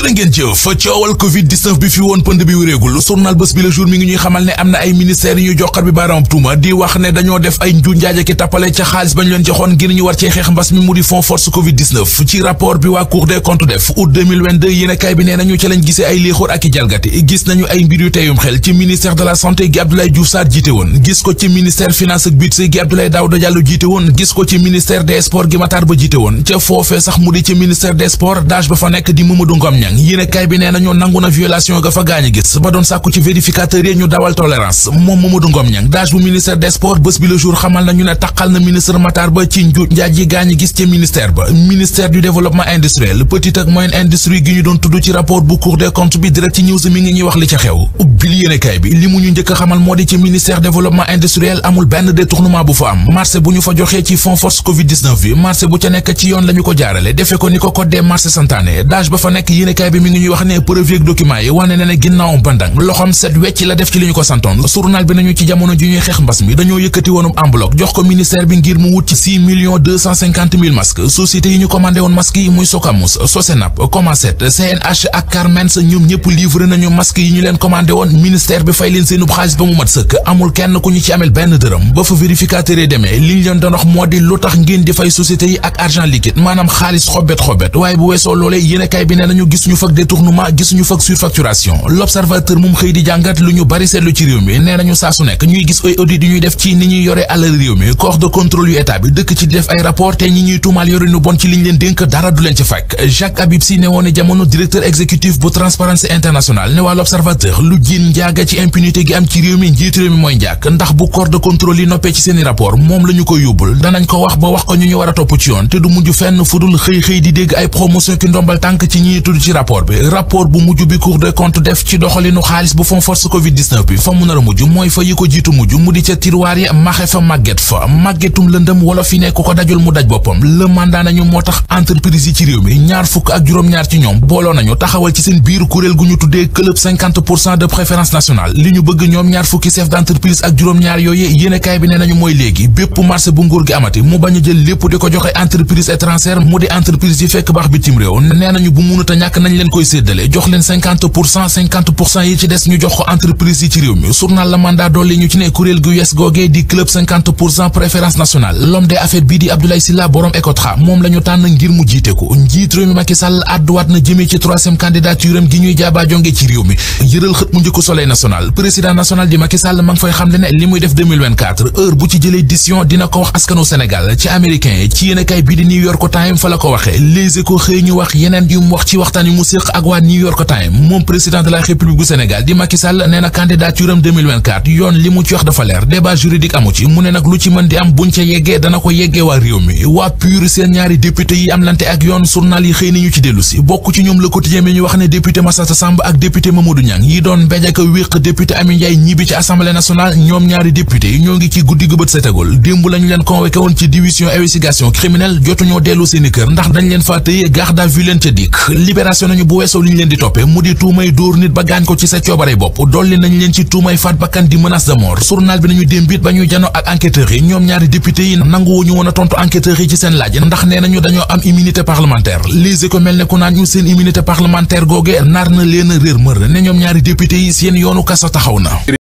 jërë coowal covid bi fi woon pënd bi wéreegul journal bés bi le jour mi ngi ñuy xamal ne am na ay ministères yu ñu joxar bi baaraam tuuma di wax ne dañoo def ay nju njaaje ca xaalis bañ leen joxoon ngir ñu war cee xeex mbas mi mu di fond force covid ci rapport bi waa cour des comptes def août 2022 yéen bi nee nañu ca lañ gisee ay léexóor ak i jalgati gis nañu ay mbir yu teyum xel ci ministère de la santé gi Abdoulaye Diouf jiite woon gis ko ci Pyongyang yéenekaay bi nee nañu nangu na violation ga fa gaañu gis ba doon sàkku ci vérificateur yi ñu dawal tolérance moom Mamadou Ngom Niang daaj bu ministère des bés bi le jour xamal nañu ne taqal na ministre Matar Ba ci njaaj yi gaañu gis ci ministère ba ministère du développement industriel petite ak moyenne industrie gi ñu doon tudd ci rapport bu Cour des comptes bi direct ci news mi ngi ñuy wax li ca xew ubbil yéenekaay bi li mu ñu njëkk xamal moo di ci yéenekaay bi mi ngi ñuy CNH ak Carmens ñoom ñëpp livré nañu masques yi ñu leen commandé woon ministère bi fay leen seen xaalis ba mu mat sëkk amul kenn ku ñu ci amel benn dërëm ba fa vérificateur yi demee liñ leen doon moo di lu tax ngeen di fay société yi ak argent liquide maanaam xaalis xobet xobet waaye bu weesoo loolee yéenekaay bi ne nañu gis gisuñu fag détournement gisuñu fag surfacturation l'observateur moom xëy di jàngat lu ñu bari seetlu ci réew mi nee nañu saa su nekk ñuy gis ay audit yu ñuy def ci ni ñuy yore corps de contrôle yu état dëkk ci di def ay rapport te ñi ñuy tuumaal yore ñu bon ci liñ leen dénk dara du leen ci fekk Jacques Habib Sy ne woon jamono directeur exécutif bu Transparency International ne waa l'observateur lu jiin njaaga ci impunité am ci réew mi njiit réew mi bu corps de contrôle ci seeni rapport moom la ñu ko yóbbul danañ ko wax ba wax ko ñu ñu war a topp ci yoon te du mujj fenn fudul xëy xëy di dégg ay promotion ki ndombal tànk ci ñi tudd ci rapport bi rapport bu mujj bi cour des comptes def ci doxalinu xaalis bu fond force covid bi fa mu nar mujj mooy fa yi ko jiitu mujj mu di ca tiroir yi maxe fa màgget fa màggetum lëndëm wala fi nekk ko dajul mu daj boppam le mandat nañu moo tax entreprise yi ci réew mi ñaar fukk ak juróom-ñaar ci ñoom booloo nañu taxawal ci seen biir kuréel gu ñu tuddee club pour cent de préférence nationale li ñu bëgg ñoom ñaar fukki chef d'entreprise ak juróom-ñaar yooyu yéenekaay bi nee nañu mooy léegi bépp marché bu nguur gi amati mu bañ a jël lépp di ko joxe entreprise étrangère mu di entreprise yi fekk baax bitim réew nee nañu nañ leen koy séddale jox yi ci des ñu jox ko entreprise yi ci réew mi journal la mandat dolli ñu ci ne kuréel gu yes googee di club cinquante pour cent préférence nationale bii di Abdoulaye Sylla borom Ecotra moom la tànn ngir mu jiite ko njiit réew mi Macky Sall àdduwaat na jëmee ci troisième candidature gi ñuy jaaba jonge ci réew mi yëral xët mu njëkk soleil national président national di Macky Sall ma fay xam le ne li muy def 2024 yi mu séq ak waa New York Times moom président de la république bu Sénégal di Macky Sall nee na yoon li mu ci wax dafa leer débat juridique amu ci mu ne nag lu ci mën di am buñ ca yeggee dana ko yeggee waa réew mi waa PUR seen ñaari député yi am lante ak yoon journal yi xëy nañu ci dellu si ci ñoom le quotidien mi ñu wax ne député Massata Samb ak député Mamadou Niang yi doon mbéjaka wéq député Amy Ndiaye ñibbi ci assemblée ca dikk libération nañu bu weesoo li ñu leen di toppee mu di tuumay dóor nit ba gaañ ko ci sa coobare bopp dolli nañ leen ci tuumay faat bakkan di menace de mort journal bi nañu démb bit ba ñuy jano ak enquêteurs yi ñoom ñaari député yi nanguwuñu woon a tontu enquêteurs yi ci seen laaj ndax nee nañu dañoo am immunité parlementaire lise ko mel ne ku naan ñu seen immunité parlementaire googe nar na leen a réer mër ne ñoom ñaari député yi seen yoonu kaso taxaw na